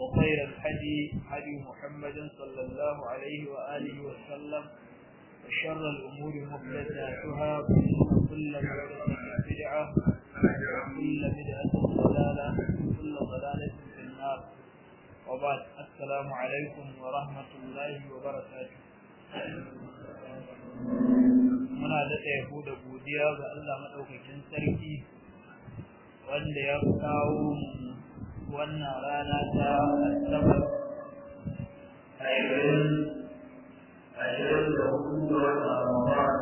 وخير الحدي حدي محمد صلى الله عليه وآله وسلم وشر الأمور مبتداتها وكل محدثة بدعة وكل بدعة ضلالة وكل ضلالة في النار وبعد السلام عليكم ورحمة الله وبركاته muna daɗa yabo da godiya ga Allah maɗaukakin sarki wanda ya kawo mu wannan rana ta asabar ashirin ashirin da hudu ga watan ramadan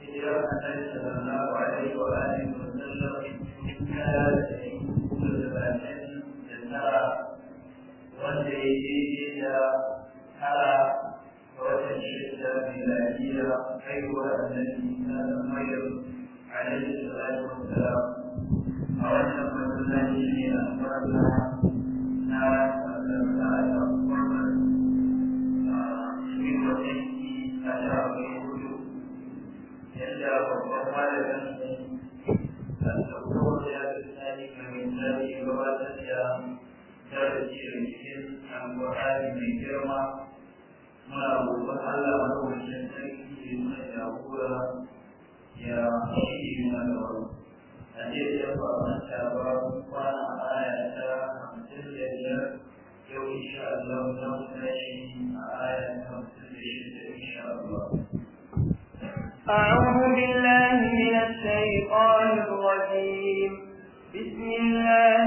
hijira annabi sallallahu alaihi wa alihi wa sallam tana da dari hudu da talatin da tara wanda ya daidai da tara ga watan shida miladiya haihuwar annabi na maryam alaihi salatu wa salam ya shi mana da wani إن أعوذ بالله من الشيطان الرجيم بسم الله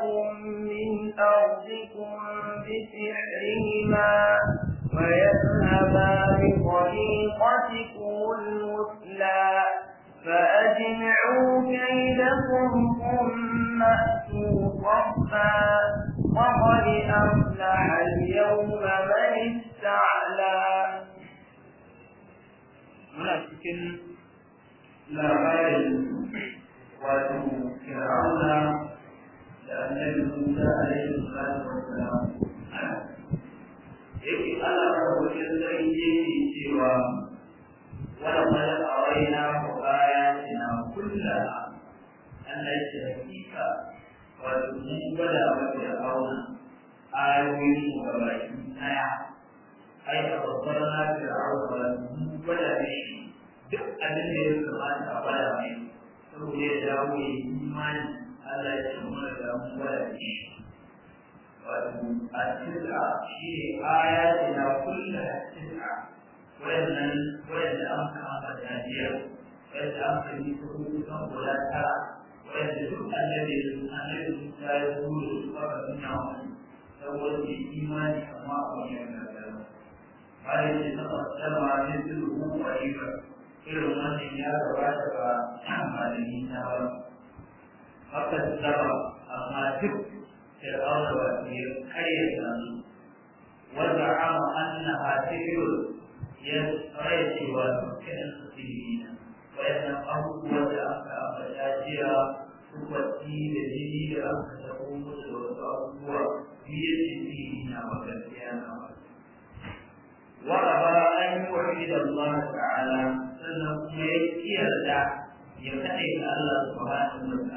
لكم من أرضكم بسحرهما ويذهبا بطريقتكم المثلى فأجمعوا كيدكم ثم أتوا صفا وقد أفلح اليوم من استعلى ولكن لا غير wato fir'auna annabi Musa alaihi salatu wassalam yake Allah rabbul sarki yake cewa wala qad awayna wa ayatina kullaha Allah yake hakika wato mun gwada wa fir'auna ayoyin mu ga baki ai a babbar na fir'auna mun shi duk abin da ya kamata a gwada mai da ya dawo ya yi imani Allah ya ce mana da mu waya shi wato asila shi ne aya ce na kullu asila wannan wanda an kama da jiya wanda an kai su kan kula ta wanda duk annabi annabi ya yi buru ba ba na wani saboda imani amma a wannan nazara bayan da ta tsara ne su ruwa irin wannan ya gabata ba amma da nisa ba فقد سبق أما شك فرعون وكريم وزعم أنها سحر يسريت وتمكن المسلمين وأنه وجعل فأخرجاتها تؤتي بجديد أن تقوم وتأبوى في سنين وكالقيامة وأبى أن يوحد الله تعالى سنة يكير له يمتحن الله سبحانه وتعالى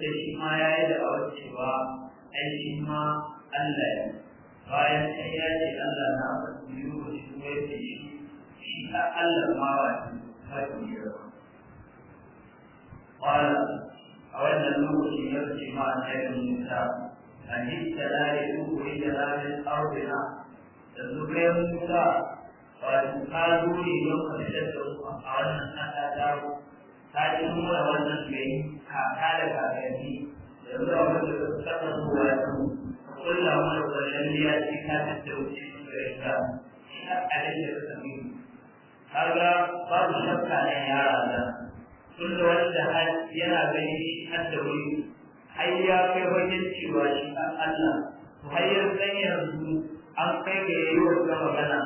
da shi ma ya yi da'awar cewa ai shi ma Allah ne bayan sai ya ce Allah na ba su yi wa shi ko ya shi shi ta Allah ma ba shi ba shi ba. Wala a wannan lokaci ya ce ma a tsayin Musa a yi da lari uku yi da lari arzina da zubayar Musa ba su kazo ne ka da a wannan ta ji nuna wannan mai kaka da kakanni da zuwa wanda su saka zuwa su kulla mana wannan ya ce ka wuce su da ita shakalin da suka yi kaga babu shakka na yara da tun da wanda yana gani shi har da wuri har ya kai wajen cewa shi an Allah har yanzu yanzu an kai ga yayi wata magana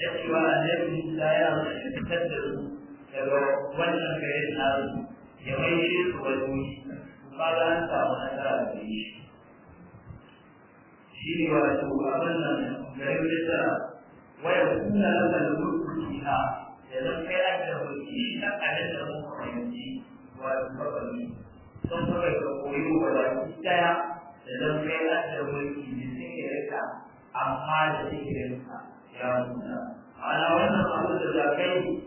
da cewa annabi Musa ya fitar da su daga wannan garin nasu ya mai shi su wani ba za a samu nasara da shi shi ne wato abin nan garin da waya kuna nan da rubutu ha da zan kai an da shi ta kalin da muka fahimci wato ne, sun kuma ga koyo wa da daya da zan kai an da rubutu da sun yi rika amma da sun yi rika ya nuna ana wannan abin da za kai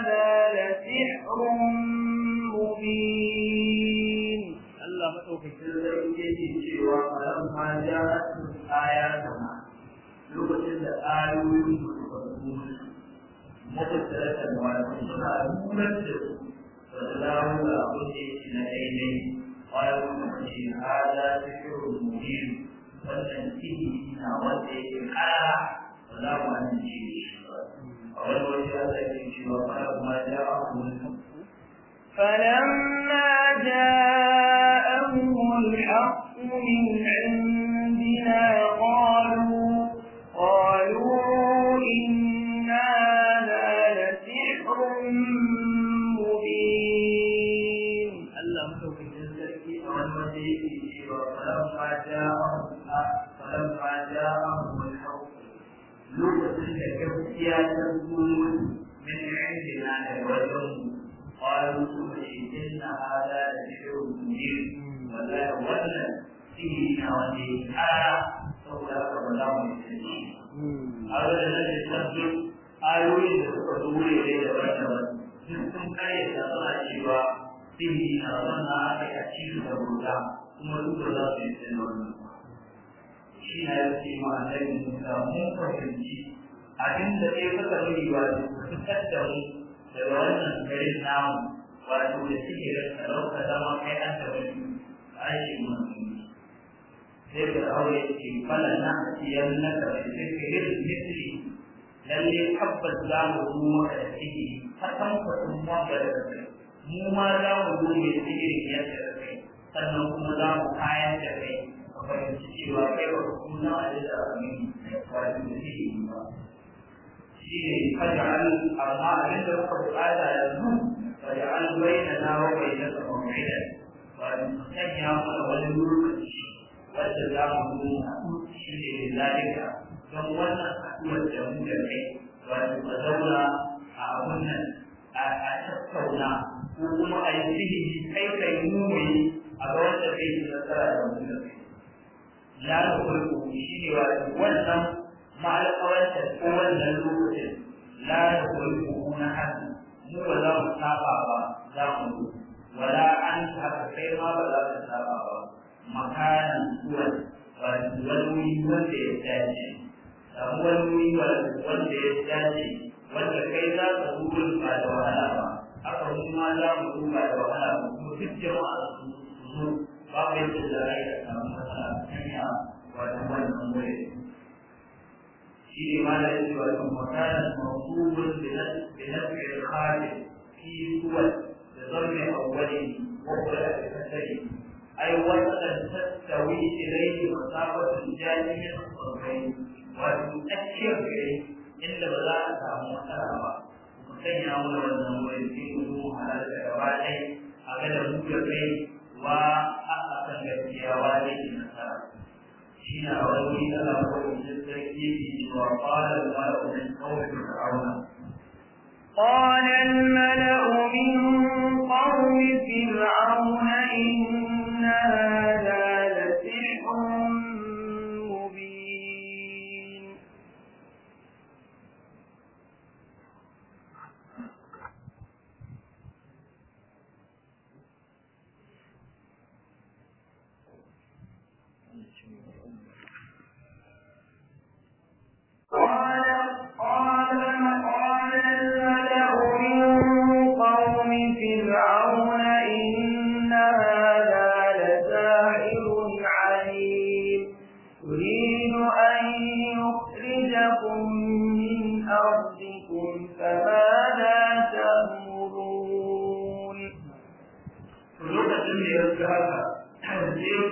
جاءتهم آياتنا لغت الآل مثلت ممثل فسلام لابد من قالوا هذا سحر مبين فلننتهي منا وجهك الحياة فلا معنى فلما جاءهم الحق من عند إلا تكون من عندنا الوجن قالوا إن هذا لشيء مبين ولا ولا فيه نواتي آه سوف يقرأ لهم أولا الذي تبدو آيوين تقولي إليه وجن sun kare da suna cewa fihi na zama aka yaci da ruta kuma duk da za su yi tsinon shi na yau ce ma annabi musa mun fahimci abin da sai suka nuni wato fitar da mu daga wannan garin namu wato da suke da talauka zama kai an da wani aikin musulmi sai da aure ce fala na asiyar na karshe fikirin misli lalle tabbas za mu zo maka da ciki har kan kwatin maka da kai mu ma za mu zo ne sigirin yadda da kai sannan kuma za mu kayan da kai a fahimci cewa kai ba kuma na da da abin wato da ciki ba shine faj'al amma abin da kuka bukata yanzu faj'al bainana wa bainaka maw'ida wa sanya mana wani lokaci wanda za mu nuna shi ne zalika don wannan haɗuwar da mu da kai wato ka zauna a wannan a tattauna ko kuma a yi sihiri kai kai mumuni a ga wanda zai yi nasara da mu da kai la ta kulku shi ne wato wannan ma alƙawarta ko wannan lokacin la da kuri kuma hannu mu ba za mu saba ba za mu zo wala an haka kai ma ba za ka saba ba makanan kuwan walwuri wanda ya dace samu walwuri wanda ya dace wanda kai za ka zuwa ba da wahala ba haka mu za mu zuwa da wahala ba mu duk jama'a su zo ba mai da zai ka samu matsala a cikin ya wani kuma ya في رواية وكان موصول بنفع الخالق في سوى بضم أوله وهو الفتين أي وصل تستوي إليه مسافة الجانب الصدرين وتؤثر إليه إلا بلا أسامة أسامة sanya mana wannan wurin cikin mu halar da gaba حين أولي ألا قوم للتكذيب وقال الملأ من قوم فرعون قال الملأ من قوم فرعون إن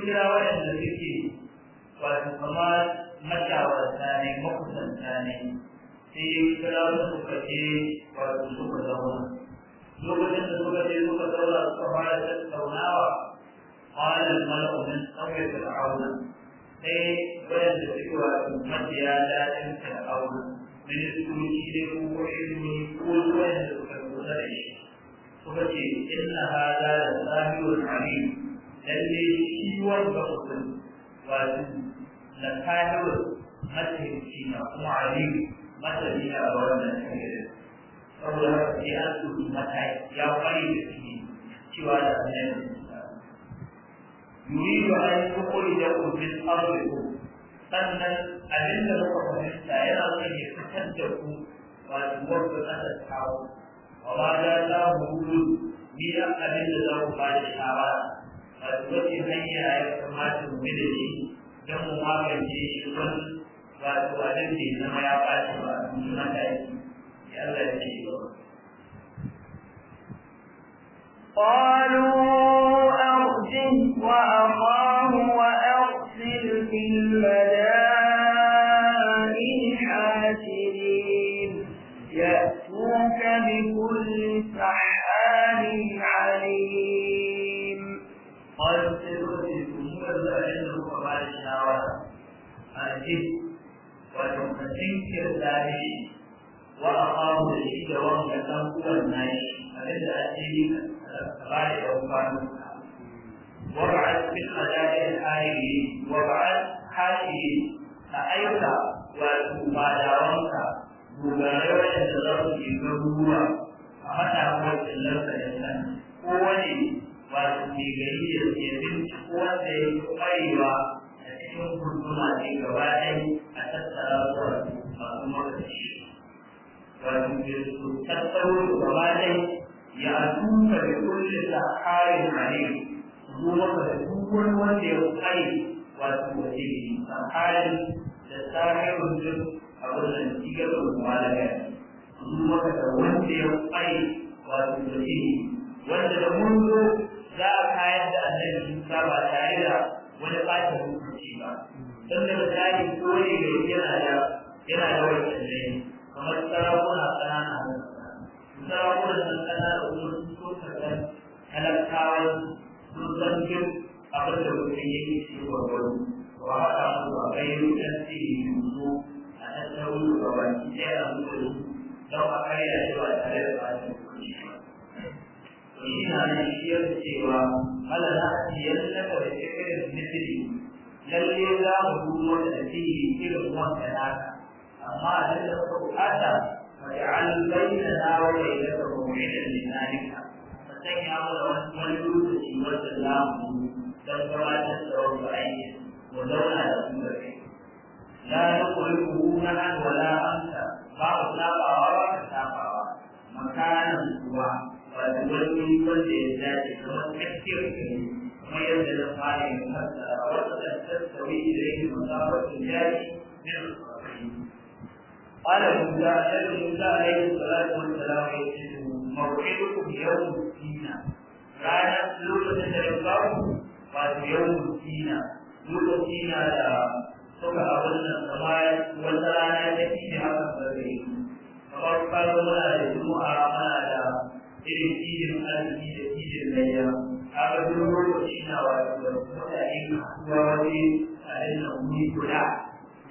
waɗanda suke wato kamar mashawarta ne makusanta ne sai kira su kace wato suka zauna lokacin da suka je suka zauna suka fara tattaunawa قال الملأ من قوم فرعون sai wayanda suke wato mabiya daɗin fir'aun ministoci da kuma ilmi ko wayanda suka lura da shi suka ce inna hada da zahirul alim lalle shi wanda mutum wato na kahirul matahimci na kuma alim masani a wannan tsirin saboda haka sai an tsoro mata ya kware da shi cewa da annabi yuridu an yukhrijakum min ardikum sannan abinda da kuka fahimta yana son ya fitar da ku wato wanda aka kawo wa ma da za mu hudu ni an abin da za ku bada shawara wato wace hanya ya kamata mu bi da shi don mu magance shi wani wato abin da zama ya ɓaci ba mata ya Allah ya ce ba قالوا أرجه وأخاه وأرسل في المدائن الفاحش وأقاموا العيد وهم الأنبياء الماشي فليس أسيري غاية وابعث في الخلائق الحاليين وابعث حاليين فأيك وتبادرونك مبارك الشرف في النبوة فمتى هو الشرف الإنسان قولي وتبيغي يتم قوة قريبة cikin kurkuma ne gaba ɗaya a tattara masu su ya duka da kullum da kayan hare zo maka da wanda ya kare wato waje ne tsakanin da tsarin rundun a wannan cikin malaga zo maka da wanda ya kare wato waje ne wanda da mun zo za a kayan da annabi Musa ba tare da wani ɓata hukunci ba. Don da misali ko da gari yana da yana da wajen ne kamar sarakuna ƙanana da sarakuna da ƙanana da kuma so karɓar talakawa sun san kyau abin da mutum yake ci gwargwaro wa haka zuwa kai rukan yi yanzu a tattaru da baki ɗaya a zuwa don a karya shi ba tare da ba. Shi na nan shi cewa Allah na ajiyar daga da shekarun misiri lalle za mu duba da sirri irin wanda naka amma abin da suka bukata waje'al wa bainahum mu'idan min zalika sanya mana wani lokaci wanda za mu dan gabatar da wani aiki mu da su da kai la yuqrihu nahan wala amsa ba mu sabawa ba ka sabawa makanan kuwa ba da wani wanda ya dace kamar kaskiyar kai kuma yadda da fara yin hassara wata da tattawi da yake masarautar jari ne قال موسى نبي موسى عليه الصلاة والسلام موعدكم يوم الدين رانا لوكا تتلقاه قال يوم الدين لوكا الدين على suka abin da kamar wata rana ta fi ne haka sarari kamar kaga muna da juma'a amana da irin filin arziki da layya kaga duk lokaci na wato da mutane kasuwa waje a inda wuri guda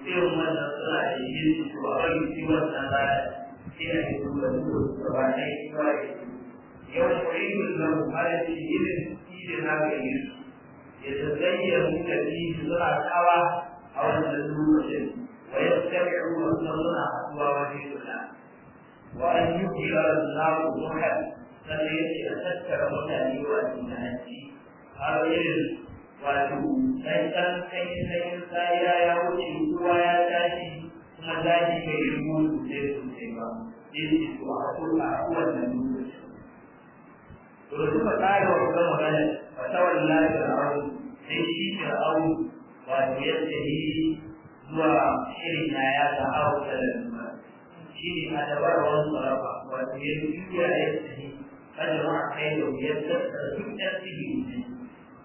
Yau wannan suna da yin su a wani kiwon sana da kuma da da yau da kwayi da yi da yi da na ga yi su ya zazzayyar muka fi suna kawa a wannan lokacin wa ya tabi'u wa suna haɗuwa wani suna wa an yi kira da zamu muhal sannan ya ce a tattara mutane wa tunanci har wato dan dan kai sai tsaya ya wuce ruwa ya tashi kuma zaki kai ruwa sosai sosai ba yace to a so a wannan lokaci to suka tsaya wa wannan magana fa tawalla da rawu sai shi da rawu wato yi zuwa shirin na ya ta hawa da lalma shi ne a dabarwar sarrafa wato ya yi ya tsaye kada ma a kai da wuyar da duk ɗan cikin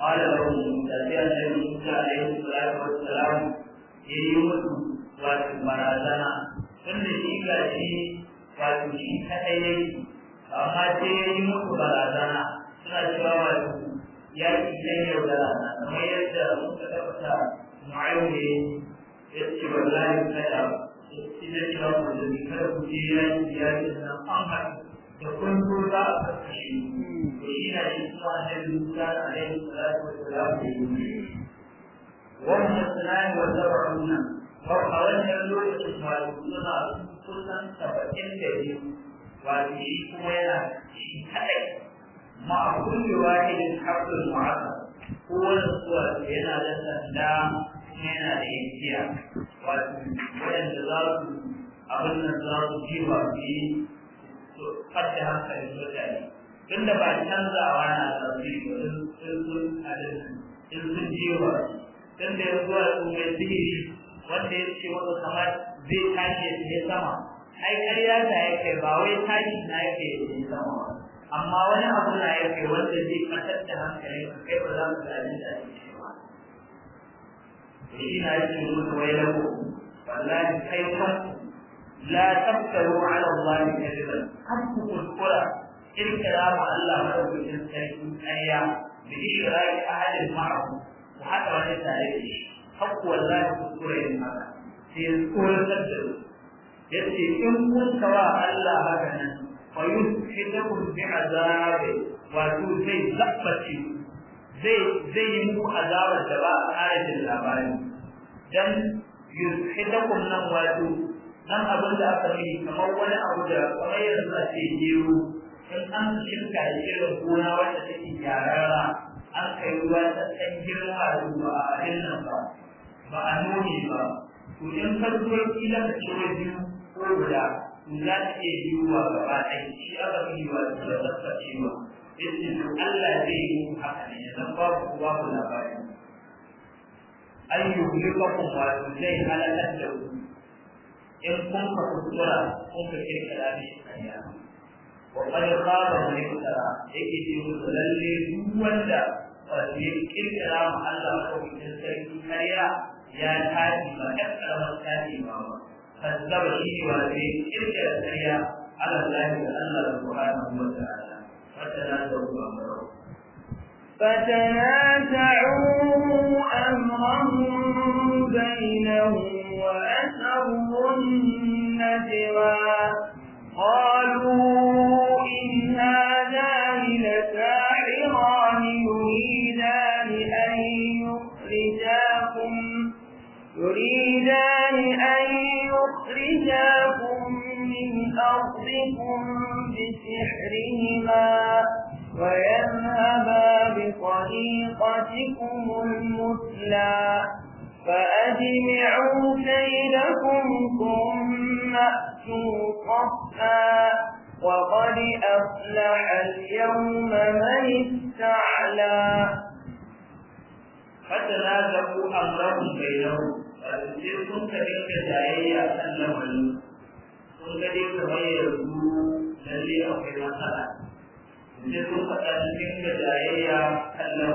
قال لهم تبيع النبي موسى عليه الصلاه والسلام يريد wato barazana wanda shi gashi wato shi kaɗai ya yi amma sai ya yi musu barazana suna cewa ya ci ɗan yaudara na kamar yadda muka tabbata mu'ayyuwe ya ce wallahi kada ya ci da cewa da kwanto za a kashe shi to shi na shi kuma annabi Musa alaihi salatu wa salam da yi wannan sunan wa zar'una ko a wannan lokacin ma suna kusan saba'in da ba wato shi kuma yana shi kadai ma kulli wahidin haqqul mu'azzam kowane suwa yana da sanda yana da yankiya wato waɗanda za su abin nan za su ji ba su yi hadda hankalin mutane tun da ba canzawa na zafi ba in sun adalci in sun jewa tun da yanzu a tsohon sihiri wanda ya ce wata kamar zai tashi ya sama ai ƙarya ta yake ba wai tashi na yake ya sama ba amma wani abu na yake wanda zai kasar da hankali kai ba za mu tafi da shi ba shi na yake musu wai labo wallahi kai kanku لا تكتبوا على الله كذبا حسبكم الكرة إن كلام الله رب الإنسان أيام رأي أحد معه وحتى وليس عليه حق والله في الكرة المرأة في الكرة تبدأ يأتي إن كنت وراء الله هكذا فيسحقكم بعذاب وأقول زي لقبتي زي زي مو عذاب الجواب آية الله بارك دم يسحقكم نقواته nan abin da aka yi kamar wani abu da kamar yadda za ce gero in an shirka da irin gona wanda take gyararra an kai ruwa ta san girma da ba a nan ba ba a nome ba to in ka zuwa kila ka ciro biyu ko guda to za ta iya yiwuwa gaba ɗaya shi aka yi wa da tsaftacewa yadda Allah zai yi haka ne zan babu babu labari ayyuhu yuqafu wa zai halakar da ku يكون فكرة ممكن تلك هذه الأيام وقد خاب من يكتب إكس يوزلل يولد فتير كل كلام الله في تلك الحياة يا الحاكمة أكثر من الحاكمة فالزوجين والبيت تلك الحياة على الله الله سبحانه وتعالى فتنازعوا أمرهم بينهم وأسروا النجوى قالوا إن هذان لساحران يريدان أن يخرجاكم يريدان أن يخرجاكم من أرضكم بسحرهما ويذهبا بطريقتكم المثلى فأجمعوا كيدكم ثم أتوا صفا وقد أفلح اليوم من استعلى حتى لا تقول الله بينهم فالسير كنت تلك الآية أنه كنت تلك غير الذي أخذ مثلا السير كنت تلك الآية أنه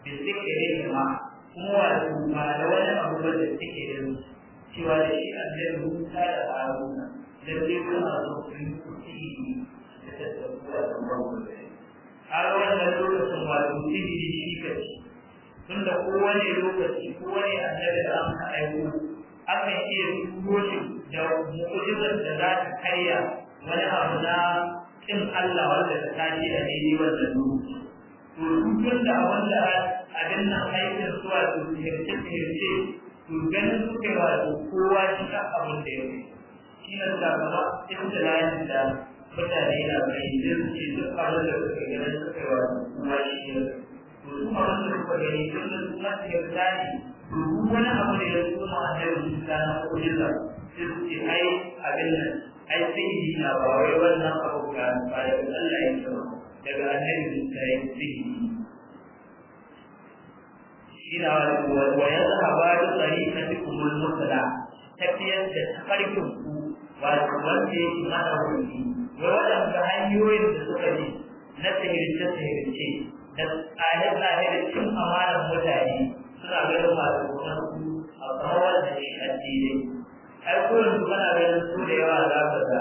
da suke yin kuma kuma wato ba da wani abu ba da suke yin cewa da shi an zai rubuta da haruna da zai kuma zo su yi kuɗi da tattabuwa da gwamnati har wannan lokacin wato sihiri shi ka ci tunda kowane lokaci kowane annabi da aka aiko akan iya turo shi da mu'jizar da za ta karya wani abu na kin Allah wanda ta tashi a daidai wannan lokaci to duk wanda a wanda abin nan aikin su wato ziyarce ziyarce to ganin suke da kowa shi kan abin da ya wuce shi ne da kuma ikhtilafin da mutane na bai da suke duk abin da suke ganin suke wato kowa shi ya to wanda suka gani duk da su ma suke tsari to wani abu da ya kuma a yau su ta na kuɗinsa sai suke ai abin nan ai sai yi na ba wai wannan abu ba da Allah ya yi daga annabi Musa ya sihiri shi na wa ya zahaba tsari na kumul mutala tafiyar da tafarkin ku wato wanda ya shi mana wuri wai waɗanda hanyoyin da suka bi na sihirce sihirce da tsare-tsare da cin amanar mutane suna ganin masu gonar ku a kawar da shi addini ai kullum kana ganin su da yawa za ka ga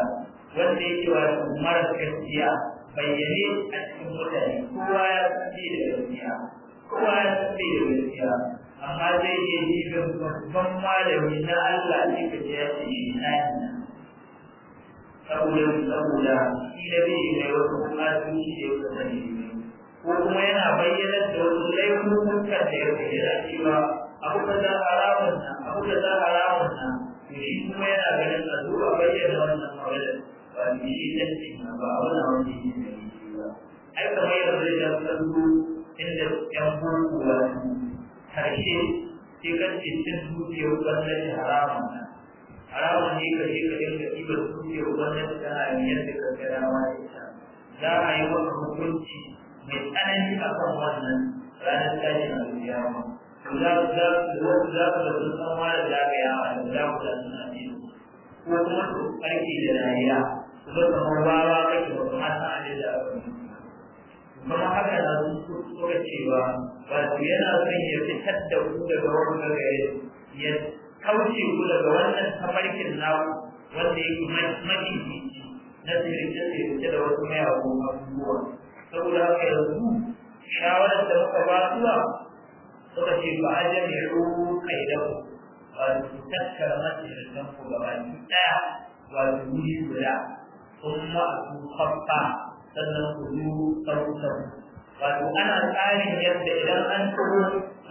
wanda yake wato mara gaskiya bayyane a cikin mutane kowa ya fi da gaskiya kowa ya fi da gaskiya amma zai iya ji da babban malami na Allah ne ka ji ya ce shi na ina saboda saboda shi da bai da wasu kuma sun shi da wasu sani ko kuma yana bayyana da wasu laifukan da ya bayyana cewa abu ka za haramun nan abu ka za haramun nan to shi kuma yana ganin a zuwa bayyana wannan ba bi shi da ba a wani wani ne ba ai kamar inda yan cikin ne ka dinga da za a yi mai tsanani a wannan ranar tashin alƙiyama za ku da da da kuma kamar wawa kake ba kuma ta ne da kuma haka na su suka ba. wato yana son ya fitar da ku daga wannan gare ya kauce ku daga wannan tafarkin naku wanda mafi makifici na sirrin sirrince da wasu mayagun abubuwa saboda haka yanzu shawarar da muka ba suwa suka ce ba a jami'u kai da ku Ba wato tattara masu shirkan ku gaba ɗaya Ba wato wuri guda ثم أتوا خطا sannan ku yi wato ana tsarin yadda idan an turo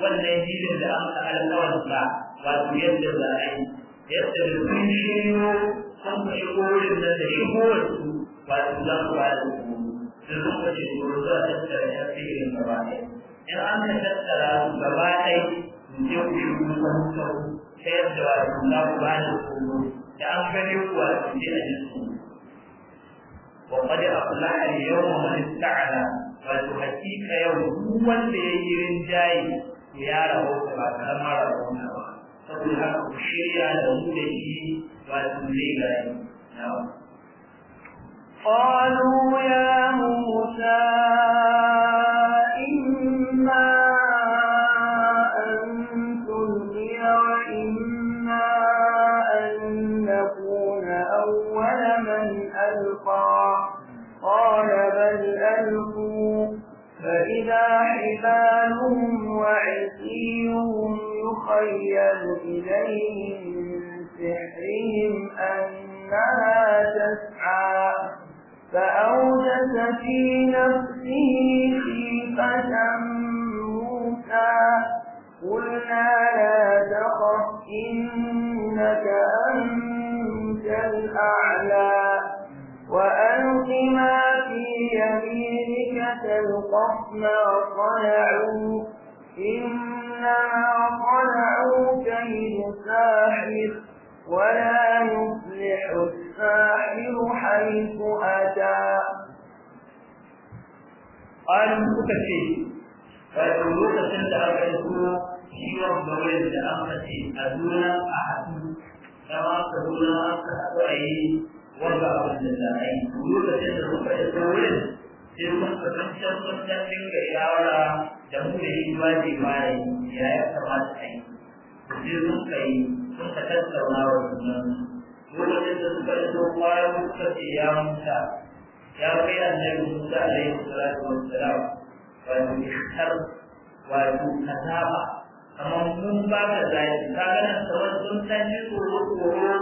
wannan jibin da an ta alƙawar ba wato yadda za a yi yadda da sun shiro sun ku shigo na nan da su wato za ku ba da su da lokacin da za a tattara ya fi irin gaba ɗaya in an ka tattara su gaba ɗaya ku je ku shigo sauƙin ta yadda wato za ku ba da su da an gani wato je a وقد أفلح اليوم من استعلى فتحكيك يوم وان يجرين جاي يا رب فما ربنا saboda haka ku shirya da mu da shi ba su zai gari قالوا يا موسى أن ألقوا فإذا حبالهم وعصيهم يخيل إليهم من سحرهم أنها تسعى فأوجس في نفسه خيفة موسى قلنا لا تخف إنك أنت الأعلى وألق ما القوم صنعوا إنما صنعوا كيد ساحر ولا يفلح الساحر حيث أتى قال مكتشف فإن لوكاشن da aka tura ciwon bawai da aka ce a duna a haɗu kama ka duna aka haɗu a yi wanda abin da za a yi lokacin da suka yi sai tabbatar tabbatar dinga shawara da mu da shi ba zai fara ya ya kamata a yi sai kai sun ka tattauna wa junan lokacin da suka yi so kwayan suka ce ya musa ya kai annabi da alaihi salatu wassalam wato ikhtar wato kasaba kamar mun ba ka zai ka ga nan sun san tsoro tsoro ko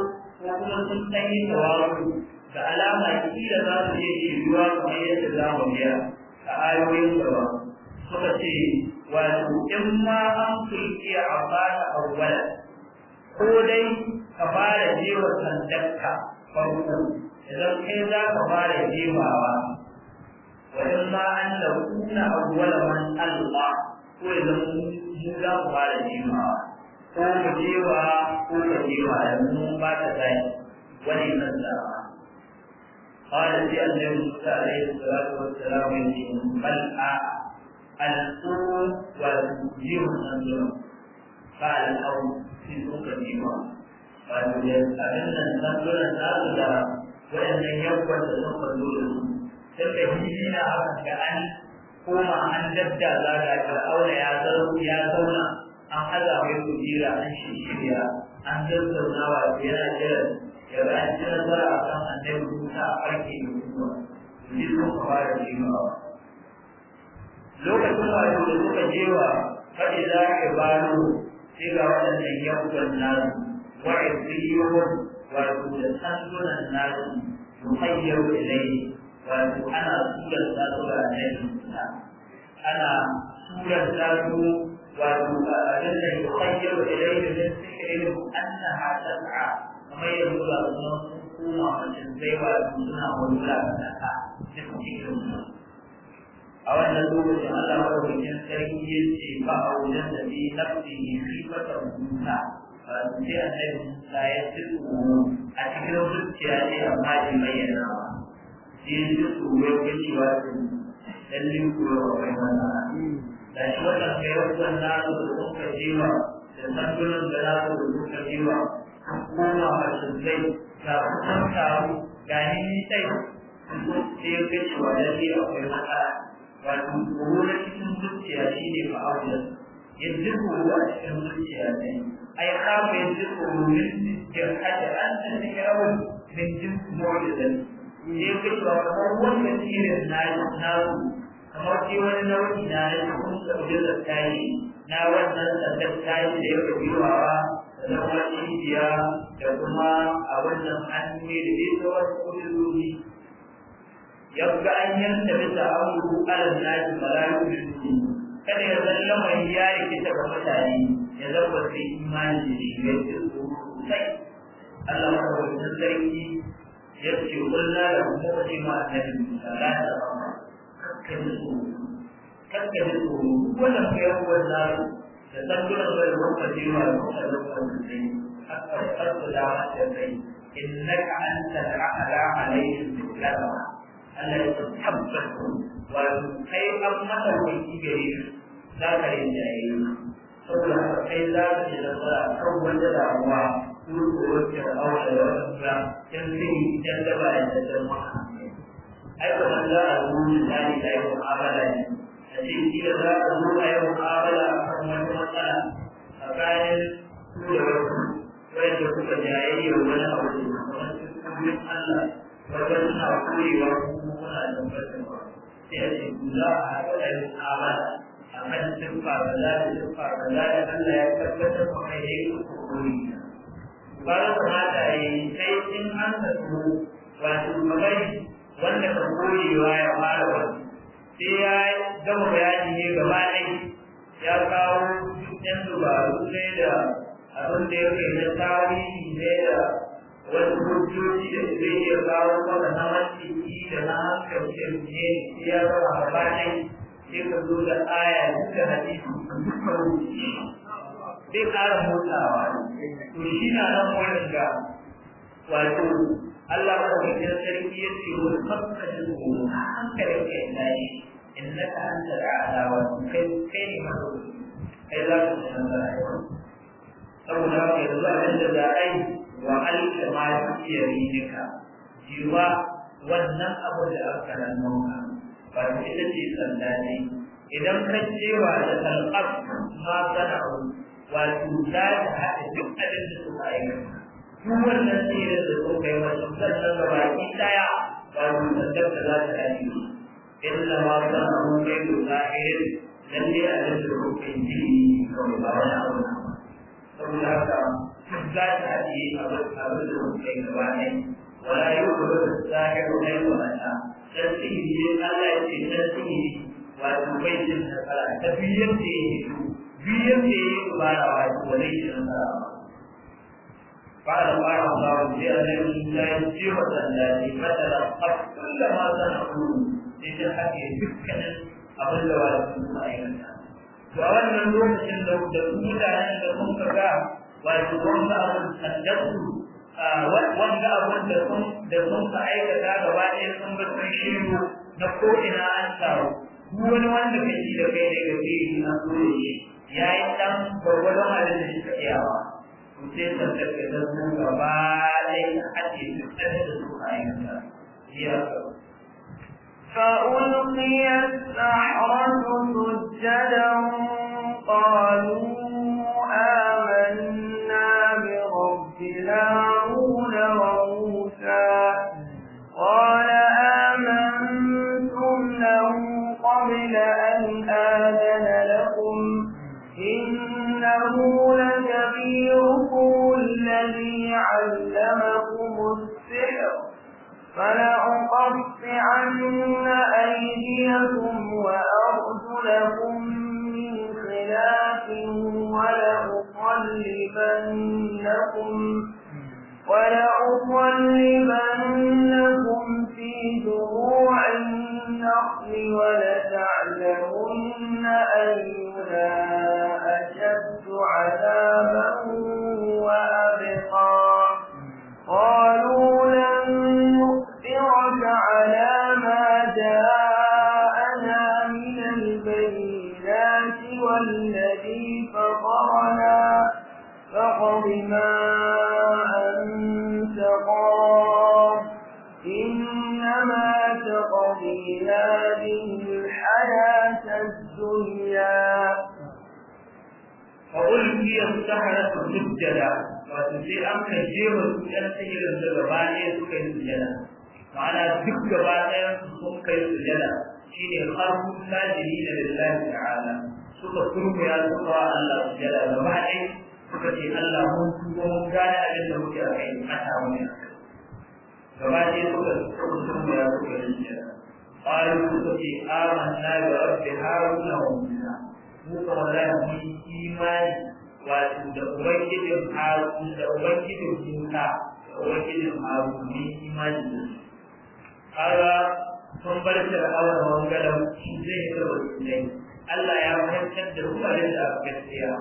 kuma sun san yi tawaru da alama kila za su iya yi ruwa kamar yadda za mu biya a ayoyin gaba suka ce wato in ma an tulki a fara awwala ko dai ka fara jewa sandarka farko idan kai za ka fara jewawa wajen ma an da kuna awwala man alba ko idan mu za ku fara jewawa ko ka jewa ko ka jewa yanzu ba ta tsaye wani nan da قال في النبي موسى عليه الصلاه والسلام بل الصوم والجيم النجوم قال القوم في سوق الايمان قالوا يسالنا النجوم النازله وان يوم تسوق النجوم sai hujji na haka ga an koma an dabda zaga fir'auna ya zauna ya zauna an haza mai kujera an shirya an zazzauna wa yana jiran ya ga an ji nasara a za a farke da mutuwa fara jimawa lokacin da yau suka jewa faɗi za ka bano sai ga waɗannan yankunan nasu wa'izziyohun wato da sandunan nasu muhayyar ilai wato ana surar tasu ga annabi musa ana surar tasu wato ga da yuhayyaru ilai da min sihirin annaha tas'a koma wajen baiwa da suna wula da ta cikin cikin a wannan lokacin Allah madaukakin sarki ya ce ba a wajen da bi fi khifatar musa ba su ce annabi musa ya ci tsoro a cikin zuciya ne amma bai bayyana ba sai ya ci tsoro ya ba su lallin kuwa wa kai mana da shi wannan kai wannan nasu da kuka da sandunan da nasu da kuka kuma ba su zai ga kusan taru ga ni ni sai sai ya ga cewa lalle akwai matsala wato tsoro na cikin zuciya shi ne fa'aunar yanzu tsoro a cikin zuciya ne ai kama yanzu tsoro min jirhaji an ta shawar min jinsu mu'adadin sai ya ga cewa kamar wannan irin na nasu kamar shi wani nau'i na rashin kun tsarki da tayi na wannan tsarkar tayi da ya fi biyowa da kuma indiya da kuma a wannan hanyoyi da dai sauran kudurori yadda an yanta bisa amuru alal naji malayu da su kada ya zalla mai ya rikita ga mutane ya zama sai imani da shi ya ce tsoro sosai Allah ya kawo da sarki ya ce walla da kuma ce ma annabi sallallahu alaihi wasallam kakkabi tsoro kakkabi tsoro wannan kai wannan تذكر بالركعة والركعة الجنين حتى يقص دعوات الجنين إنك أنت الأعلى عليهم بالكلمة الذي تتحبهم والخير أمثل في جريمة ذاك الجاهل saboda kai za ka yi da kan wanda damuwa duk wacce aure da wanda can sai can da ba da dama ai ko man za a yi da ni da yi mu'amala ne a cikin da za a zo a yi mu'amala kan wanda bayan su da wasu wanda suka jayayi wa wani abu da wasu Allah wajen suna korewa kuma kuna da wasu sai a ce kula a haɗarin amana a kan siffa da lafi siffa da lafi Allah ya tabbatar kuma ya yi musu kuri ba da kamata ya yi sai in an tafi wato magani wanda ka korewa ya fara wani sai ya gama bayani ne gaba ɗaya ya kawo dukkan dubaru sai da abin da ya kai na tarihi sai da wasu hujjoji da su zai iya kawo mana na mantiki da na hankalce ya zama gabanin sai ka zo da aya duka hadisi zai ƙara motsawa to shi na nan wurin ga wato Allah ya sarki ya ce wani makashin hankali kai tashi innaka anta al'ala wa kai ne mahaukaci kai za ka ci yau saboda haka da za a yi wa alkama wannan abu da aka nuna ba ita ce sanda ne idan ka cewa da talqaf ma sana'u wato za ta haɗa duk abin da suka aikata duk wannan tsirin da suka yi wannan sannan gaba ki daya wato sandar da za ta ajiye إلا ما سأله كيد ساحر لم يأجده في الدين saboda haka za ta ce abin da kai gaba ne wala yau da wata sahir da yau da ta tasiri ne Allah ya ce tasiri wato bai jin nasara ta biyar da ya yi biyar da ya yi kubara wato wani jin nasara قال da تعالى في أن الله يجيب الناس مثلا قد كل ما sai ta ake dukkanin abin da wa su ma'aikata to a wannan lokacin da da mutanen da kun ga wato wanda abin addabu wanda abin da kun da kun ka aikata gaba ɗaya sun bar sun shiru na ko ina an tsaro duk wani wanda kake da kai daga gari na zuwa ya yi ɗan gwargwadon abin da shi ka iyawa sai san da ke da su gaba ɗaya ake dukkanin da su ma'aikata. Yeah. فألقي السحرة سجدا قالوا آمنا da ubangijin kuka da ubangijin ma'arumi imani kaga sun bar shi da awar wangalan shi zai yi da wasilai Allah ya kwantar da mutane da gaskiya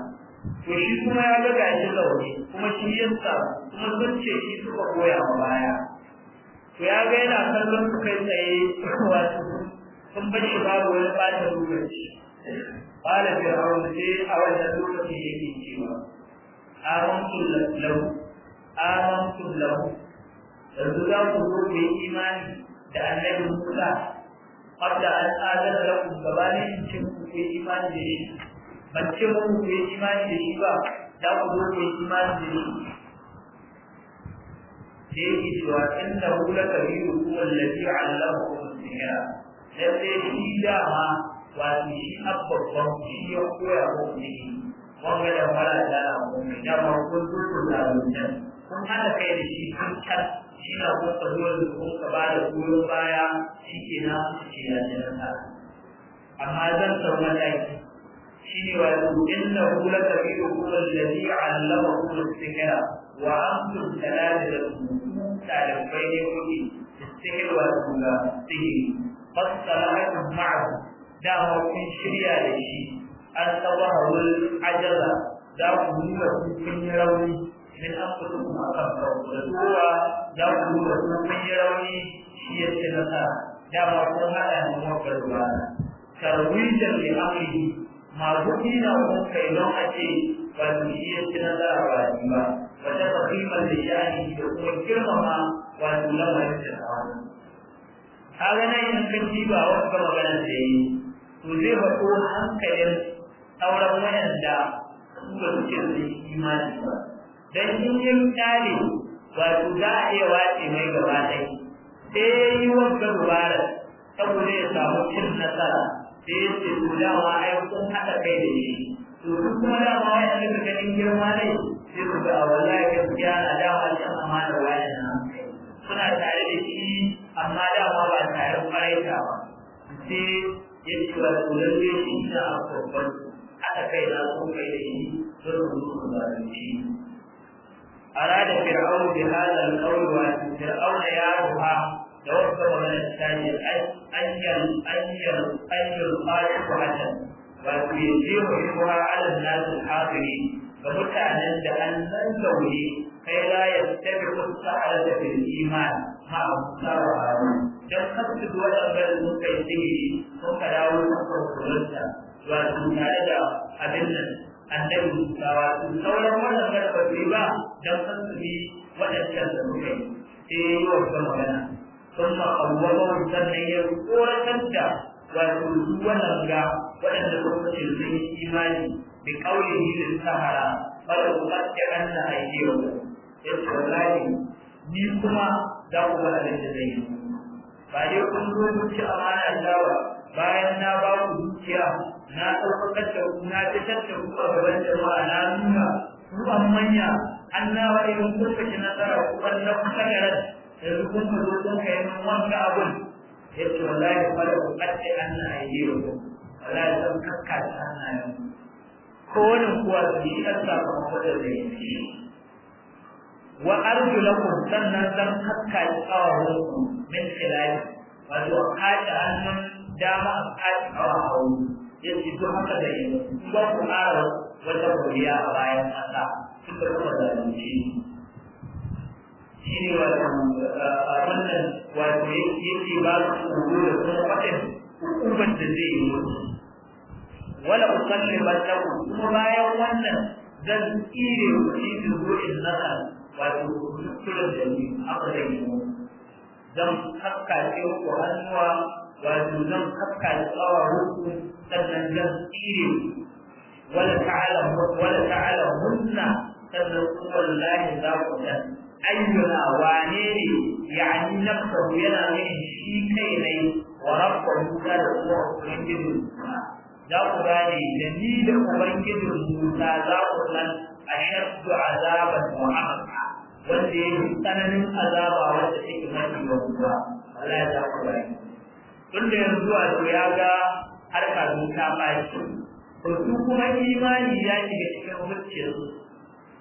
to shi kuma ya ga gashi zaune kuma shi yansa kuma sun ce shi suka koya wa baya to ya ga yana kallon su kai tsaye wato sun bar shi babu wani ɓata lokaci قال فرعون في أول ذلك يجي amantum lahu amantum lahu yanzu za ku zo ku yi imani da annabi Musa wanda an adana lakum gabanin cin ku ku yi imani da shi ban ce muku ku yi imani da shi ba za ku zo ku yi imani da shi sai ki cewa inna hu la kabiru huwa allazi allamakum sihra lalle shi dama wato shi abban shi ya koya muku ne وقال ولا تلامون كما قلت كل من kun haɗa kai da shi kun can shi na kusa ruwan da kun ka ba da goyon baya shi ke na shi na jinta amma zan san mataki shi ne wa inna hu la kabiru kuma alladhi allama kuma sikira wa antum talazilatu talibai ne kuke sikir wa kula sikiri fasalatu ma'ahu dama kun shirya da shi an tabahul ajala za ku nuna kun yi rauni min an fito kuma akan farko da kowa za ku nuna kun yi rauni shi ya ce nasara da na ku haɗa ne kuma farko tarwijar da amri masu kina kun kai don a ce ba su shi ya ce nasara ba ni ba wata tafimar da sha'ani da kuma girmama ba wato lamarin da tsawon kaga nan in kan ba wata magana da yi to zai ba ko hankalin sauran waɗanda su ba su ce su yi imani ba dan in yi ba su za a iya wace mai gaba ɗaya sai yi wanka dubara saboda ya samu cin nasara sai ya ce su dama ai kun haɗa kai da shi to su kuma dama waɗanda suka ganin girma ne sai su ga wallahi gaskiya na dama cin amana waɗannan suna tare da shi amma dama ba tare kwarai ba sai ya ce wa tsoron shi na abubuwan haɗa kai na sun kai da shi sun rubutu zalunci أراد فرعون بهذا القول فرعون يا روحا توفى من الثاني أجل أجل أجل خالق وحسن ويزيل حكمها على الناس الحاضرين فمتعنا أن تنسوه كي لا يتبعوا السعادة في الإيمان مع السعادة don kasu waɗannan sun kai sihiri sun wato tare da abin nan annabi Musa wato sauran wannan karfafe ba don kan su bi waɗancan da suka yi sai ya yi wata magana sun ma kawwaban sannan ya koratar da wato su wannan ga waɗanda kuma ce sun yi imani da ƙauyen da sahara fara kuma ta kanna a yi yau ya ce wallahi ni kuma za ku ga da zai yi ba dai kun zo ci amana dawa bayan na ba ku dukiya na ɗaukakar da ku na fitar da ku a gaban jama'a na nuna ruwan manya an na wa irin kurkashi nasara ku ban na kusa garar da rukun ku zo don ka yi min wanda abun ya ce wallahi ba da ku ƙarfe an na yi wa ku wallahi zan kakkace an na yi ko wani kuwa su yi ɗan sakamakon da zai yi wa lakum sannan zan kakkace ƙawawunku min khilali wato kaɗa hannun dama a ƙara hauri ya ce duk haka da yanzu kuma ku ƙara wata godiya a bayan ƙasa tun da kuma zalunci shi ne A wannan wato ce ba su tsoro da kuma waɗin hukumar da zai yi musu wala usalliman lahu kuma bayan wannan zan tsire ku shi zuru'in nasa, wato kusurar da ni aka zai yi musu zan haska ce ku hannuwa wato zan kafka da tsawa uku sannan zan tsire wala ta'ala wala ta'ala hunna sannan wallahi za ku da ayyuna wane ne yani nafsahu yana nufin shi kai ne wa rabbuhu da kuma ubangijin za ku gane da ni da ubangijin Musa za ku san ashaddu azaban Muhammad wanda yake tsananin azaba wanda take mafi babba Allah ya ku gane wanda zuwa wato ya ga harka ta bashi to su kuma imani ya shiga cikin su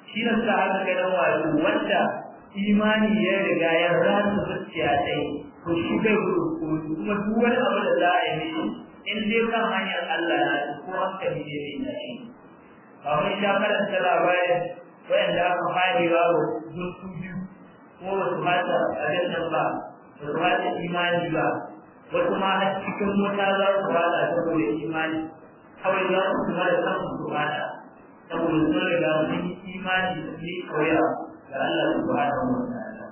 shi ne sa ga ganin wato wanda imani ya riga ya rasa zuciya dai to shi bai ku kuma duk wani abu da za a yi in dai ka hanyar Allah na ka yi ne bai na shi ba mun sha karanta labarin da aka fadi ba zurfi biyu ko wasu mata a jannan ba wasu mata imani ba wasu ma cikin mota za su fada saboda imani kawai za su kuma da kansu su fada saboda sun riga sun yi imani da su yi ga Allah su fada wa ta'ala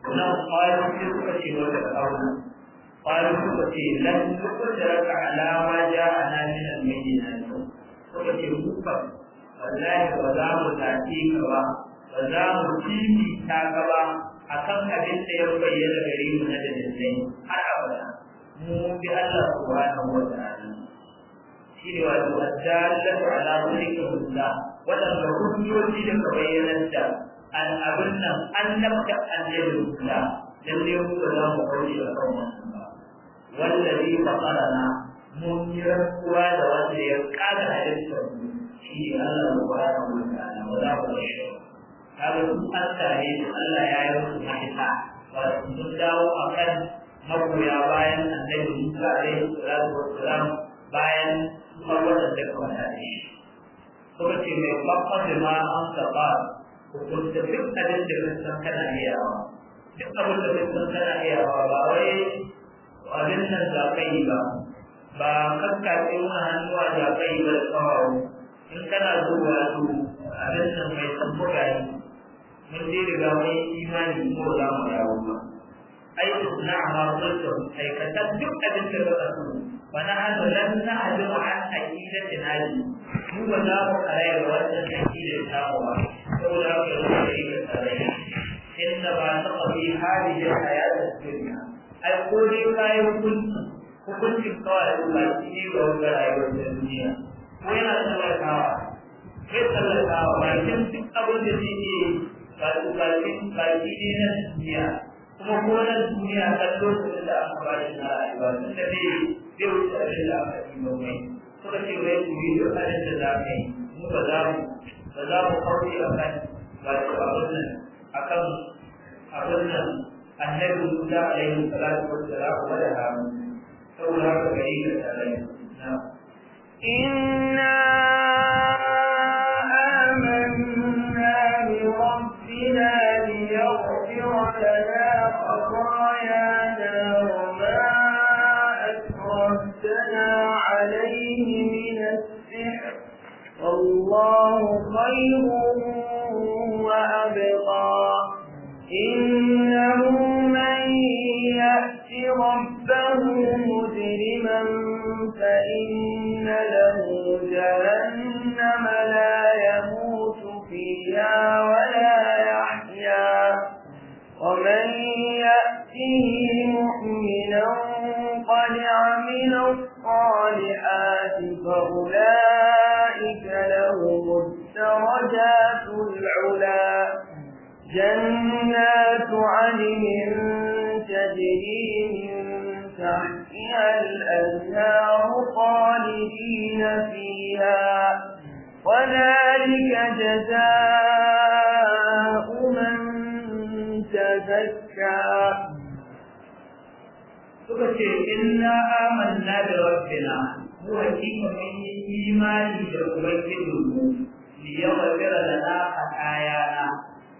kuna suka ce wata ƙauna ƙwarin suka ce lan lokacin raka alama ja a naminan mai jinani suka ce kuka wallahi ba za mu zaɓe ka ba ba za mu fifita ka ba akan abin da ya bayyana gare mu na dalilai har abada mu bi Allah subhanahu wa ta'ala shi ne wato addalatu ala mulki Allah wadanda hujjoji da bayyana da an abin nan annabta annabi Allah dan ne mu za mu kauce da kawai wallazi faqarana mun yi rantsuwa da wanda ya kada halittar shi Allah subhanahu wa ta'ala wala ba shi kaga su askare su Allah ya yi musu mahita ba su dawo a kan magoya bayan annabi Musa alaihi salatu wassalam bayan kuma waɗanda kuma ta shi kuma ce mai babban da ma an saba hukunta duk abin da mun san kana iyawa duk abin da mun san kana iyawa ba wai abin nan za ka yi ba ba kakkace wani hannuwa za ka yi ba da kawawo in kana zuwa su abin nan mai tambuga ne mun dai riga mun yi imani ko za mu dawo ba ai na ma zalta aikatan duk abin da ba su wa na hada lan na hadu an aqida da hali mu ba za mu karaya wannan aqida ta ba saboda ka yi da ita tsare inda ba ta qabi hali da hayat dunya ai ko dai kai hukunci hukuncin kawai ba shi ba ga rayuwar duniya ko yana tsallakawa kai tsallakawa ba kin duk abin da yake kalbi ne na duniya kuma ko na duniya ta lokacin da aka ba shi na rayuwa tun da zai zai wuce abin da aka yi ba mai suka ce wai ku yi duk abin da za ka yi mu ba za mu ba za mu kan wato abin nan a kan da inna الله خير وأبقى إنه من يأت ربه مجرما فإن له جهنم لا يموت فيها ولا يحيا ومن يأته مؤمنا قد عمل الصالحات فأولئك لهم الدرجات العلا جنات عدن تجري من تحتها الأنهار خالدين فيها وذلك جزاء من تزكى suka ce inna amanna bi rabbina mu imani da ubangijin mu li yaghfira lana khatayana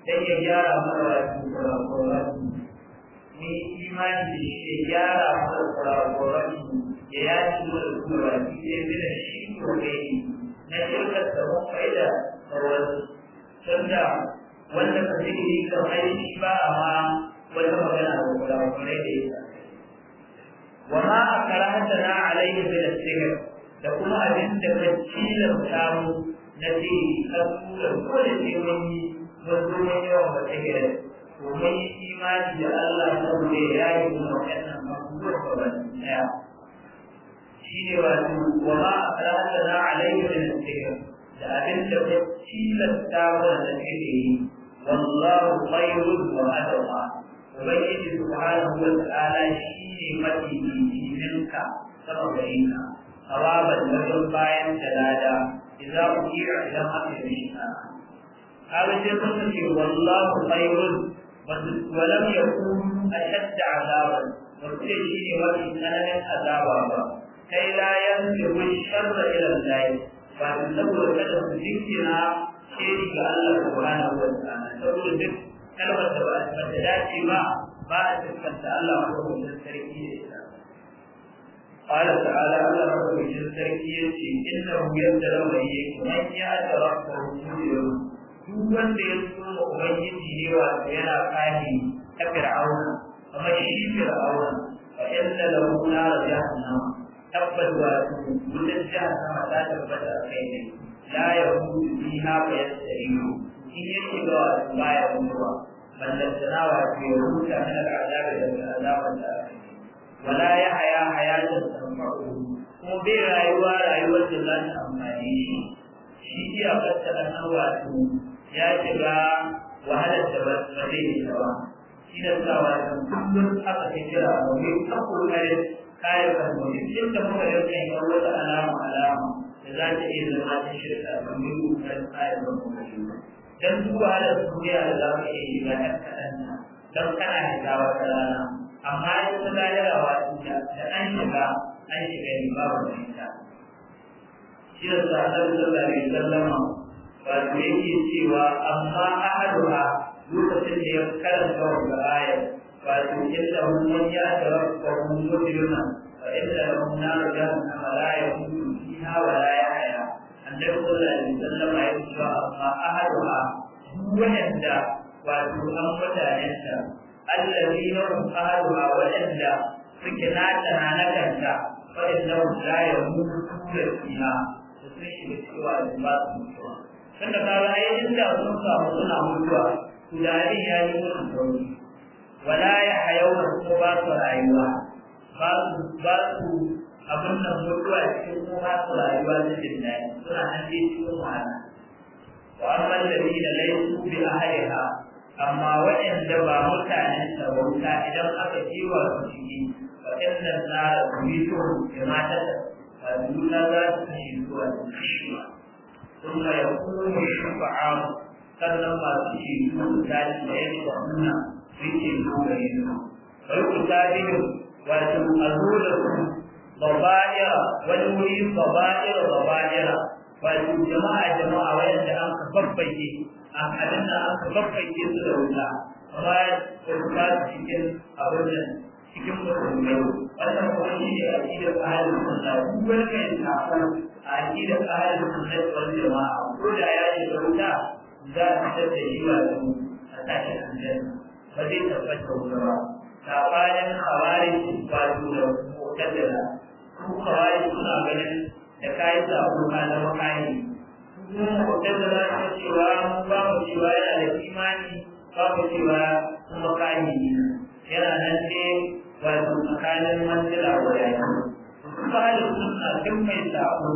dan ya gyara mana wasu kurakurai mu imani da shi ya gyara mana kurakurai ya yaci mana kurakurai ya bi da shi kurakurai na shirkar da mun faida da wasu tunda wanda ka zikiri kamar shi ba amma wata magana da kurakurai da ita وما أكرهتنا عليه من السحر da kuma abin da ka cilanta mu na ce ka tura ko sai mun yi mun zo mun yawan wata gida to mun imani da Allah saboda ya yi mu waɗannan ba gaban ɗaya shi ne wato wa ma asalata alaihi min al-dhikr da abin da ka cilanta mu da kake yi wallahu khairul wa adwa ubangiji subhanahu wa ta'ala shine mafi jinka sama da tsawaban wajen bayan da lada idza ukiya idan aka yi shi na kaga sai suka ce wallahu khairun walam yakun ashadda azaban wasu shi ne mafi tsananin azaba ba kai la yanfiru sharra ila allahi ba saboda kada su jinkina shiri ga Allah subhanahu wa ta'ala saboda da ba ba ba a fuskanta Allah ko sarki قال تعالى على رسول التركية إنه يبدأ إليك من يأتى ربه مجرم duk wanda ya so ma ubangiji ne wato yana kani ta fir'auna kamar shi fir'auna fa inna lahu nar jahannam tabbas wa wutar jahannama ta tabbata a kai ne la yahudu fiha wa yastarihu in ya shiga wato baya mutuwa ballantana wato da wala ya haya hayatan tanfa'u kuma bai rayuwa rayuwar da za ta amfani shi shi iya fasta an wato ya shiga wahalar da ba zai yi ba shi da sa wato kullum aka kai kira ba mai kakul kayan kayan kalmomi duk da muka yi kai kan wata alama alama da za ta iya zama ta shirka ba mai kokarin kayan kalmomi dan duk wahalar duniya da za mu iya yi ba ɗan kaɗan nan don kana da gawa ta rana amma ya ta zagarawa da da an shiga an shiga ne ba wanda ita shi da sa Allah sallallahu ba su yake cewa amma ahaduha lokacin da ya karanta wa aya ba su yadda mun ya tarabba mun mutirna fa inda lahum naru jahannama la yamutu fiha wa la yahya annabi sallallahu alaihi wasallam ya ce amma ahaduha wanda wato an mutanen allazi na wa waɗanda suke nata na nakanta waɗanda la ya mutu da suna da sun shiga cewa da ba su mutuwa tunda ka ga ai inda sun samu suna mutuwa to da ya yi musu sauri wala ya hayau da ko ba su rayuwa ba su ba su abin nan mutuwa cikin ko ba su rayuwa da jin daɗi suna nan dai cikin wahala wa amma alladina laysu bi ahliha amma waɗanda ba mutanen sarauta idan aka kiwa su ciki waɗannan tsara kubitu da mata da nuna za su yi zuwa kashewa sun ma ya kuma shafa'a sannan masu ce su ta ci da yadda nuna sun ce su gare su ba ku ta biyu wato a zo da su baba'ira wani wuri baba'ira baba'ira wato jama'a jama'a da an ka babbaje a halin da aka babbake su da wuta bayan kurka cikin abin nan cikin musulmai wannan kuma shi ne aƙidar ahalin sunna duk wani mai A cikin kayan sunna wal jama'a ko da ya ce da wuta za a fitar da shi ba su a tashin aljanna ba zai tabbata wuta ba sabanin hawarin wato da mutadala su hawarin suna ganin da kayan sabo ka zama kayan da mu'tazila ta cewa ba mu cewa yana da imani ba mu cewa kuma kafiri yana nan ba su tsakanin manzila guda biyu misalin suna duk mai sabo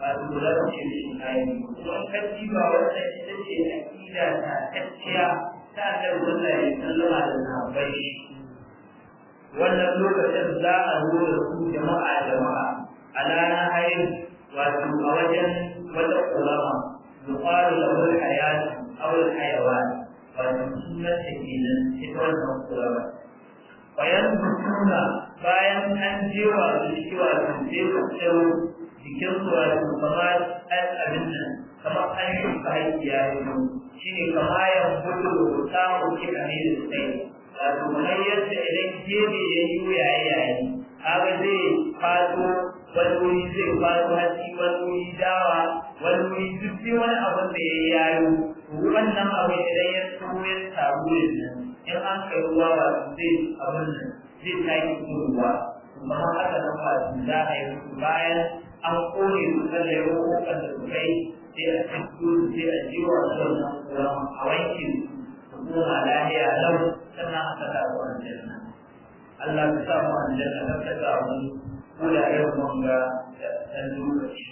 wato guda ce da shi kayi don kaci ba wata ita ce aƙida ta tacciya ta da wanda ya sallama da sahabbai wannan lokacin za a zo da su jama'a jama'a a ranar hayin wato a wajen والقرآن يقال له الحياة أو الحيوان والسنة كيلا سوى المقربة وينبتون bayan an jewa su cewa su je su tsaro jikin su a su kama an abin nan kama an yi fahimci ya yi shi ne kama ya mutu da samun kika ne da tsaye wato kamar yadda idan gebe ya yi wuya zai abin zai sake fitowa kuma har na zama za a yi bayan an kone su kan da yau kan da kai sai a fito sai a jiwa da wannan kuran a wanke su halaye a lau sannan aka sa ku aljanna Allah ya sa mu aljanna ta ta sa kula yau mun da dan lokaci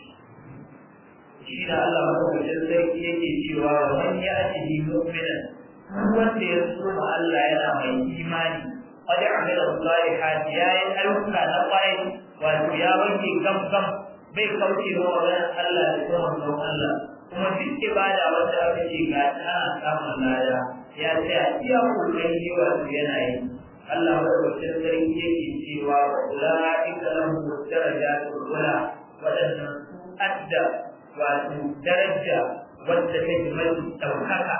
shi da Allah madaukakin sarki yake cewa wani ya ajiye mu'minan wanda ya so ma Allah yana mai imani qad amila salihan ya yi ayyuka na kwarai wato ya wanke gamgam bai kauce wa wannan Allah da kuma don Allah kuma duk ibada wanda aka ce ga ta samun lada ya tsaya iya kokarin yi wato yana yi Allah madaukakin sarki yake cewa wa ula'ika lahum darajatul ula wadannan su adda wato daraja wadda take mai ɗaukaka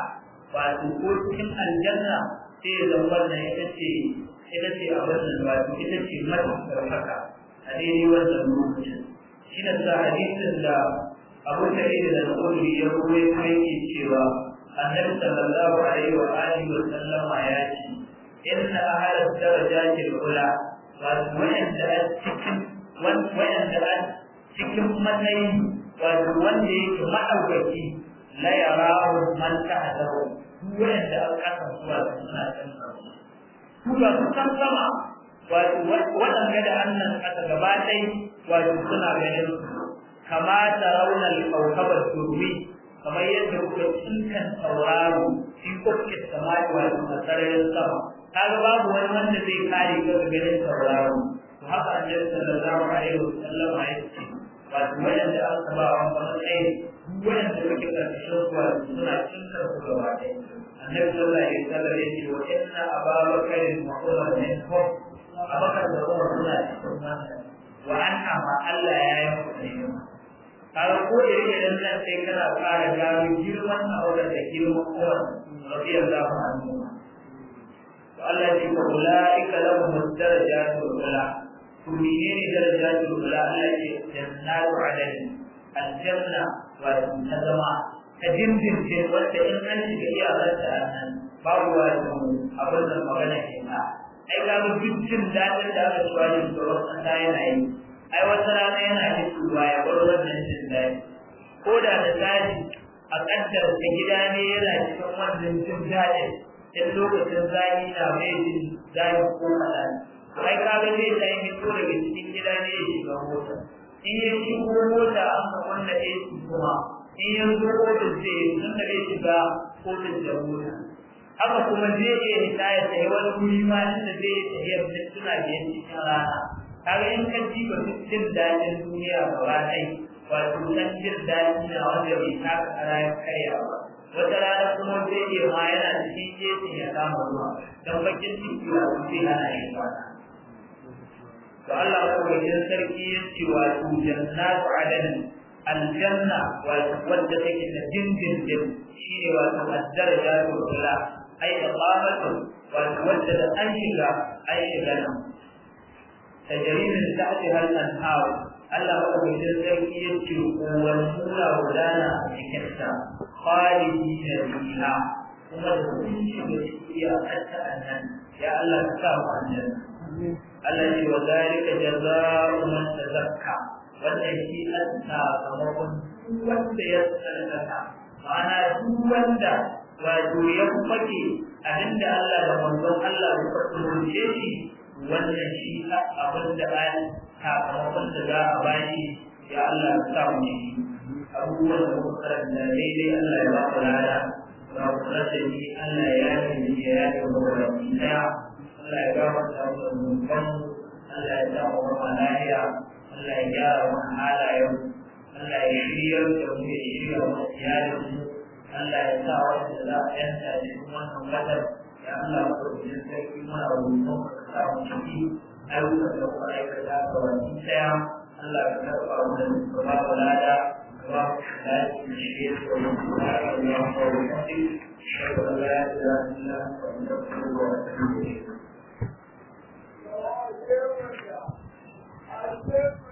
wato ko cikin aljanna sai da wannan ita ce ita ce a wannan wato ita ce mafi ɗaukaka a daidai wannan lokacin shi na sa hadisin da abu ta yi da na'uri ya kuma ya yake cewa annabi sallallahu alaihi wa alihi wa sallama ya ce inna ahla darajati al-ula wato wayanda a cikin wayanda a cikin matsayi wato wanda yake ma'aikaci la yarahu man ta'adahu wanda an kasa zuwa da suna can sama su ga su can sama wato waɗanda da annan kasa gaba ɗai wato suna ganin kama da raunar kaukabar turmi kamar yadda kuka tsinkan sauraro shi kuka samari wato a sararin sama kaga babu wani wanda zai kare ka daga ganin sauraro to haka annabi sallallahu alaihi wasallam ya ce wato wanda aka ba wa matsayi wanda kuke karkashin su suna tsinkan su gaba ɗaya annabi sallallahu alaihi wasallam ya wa inna ababakar wa umar minkum abakar da umar suna cikin wannan wa anna ma Allah ya yi mutum kaga ko da yake dan nan sai kana fara gano girman wajen da girman umar radiyallahu anhu to Allah ya ce ulaika lahum darajatul ula to menene darajatul ula Allah ya ce jannatu adani aljanna wa nazama ta dindindin wanda in an shiga zarta a nan babu wani abin da magana ke na ai ga mu duk jin daɗin da aka ci wani shugaban ƙasa yana yi ai wata rana yana fitowa ya bar wannan jin daɗi ko da da daɗi a ƙaddar da gida ne yana cikin wannan jin daɗin in lokacin zafi na mai jin zafi ko kaɗan ai ka ga zai ta yi fito daga cikin gida ne ya shiga mota in ya shigo mota an ka kunna AC kuma in yanzu kotun ce sun da shi shiga kotun jamhuriya haka kuma zai iya hita ya sayi wani wuri ma da zai yi tafiyar da suna biyan cikin rana kaga in ka ji ba jin daɗin duniya ba ɗai wato kan jin daɗi na wanda bai taka kara ya karya ba wata rana kuma zai iya ma yana ke jejin ya kama ruwa don bakin ciki ba su ce ana yin kwana to Allah ya sarki ya ce wato jannatu adanin aljanna wato wadda take ta dindindin shi ne wato addaraja ta kula ai da qamatu wato wadda da an shiga an shiga nan tajri min tahtiha al-anhar Allah ba ku da sarki ya ce wal sura wadana cikin ta khalidina fiha kuma da kun shiga cikin ta annan ya Allah ka sa mu aljanna Allah ya wa zalika jazaa'u man tazakka wanda shi an sakamakon wanda ya tsallaka ma'ana duk wanda wato ya fake abinda Allah da manzon Allah ya farfadoce shi wannan shi abin da ba sakamakon da za a bashi ya Allah ya sa mu shi abubuwan da kuka karanta daidai Allah ya ba ku lada ba ku rasa shi Allah ya yi ni ya yi wa wani Allah ya ba mu da wannan Allah ya ba mu lafiya Allah ya gyara mana halayen Allah ya shiryar da mu ya shirya mana iyalin mu Allah ya sa wanda za a yanta cikin wannan gadar ya Allah ku rubuta sarki mana rubutun ka sa mu ciki ayyukan da ku aikata ga wani ɗaya Allah ka karɓa mana ka ba mu lada ka ba mu shiga cikin shirye da mu ka ba mu ya ku rubuta أشهد أن لا إله إلا أنت أستغفرك وأتوب إليك.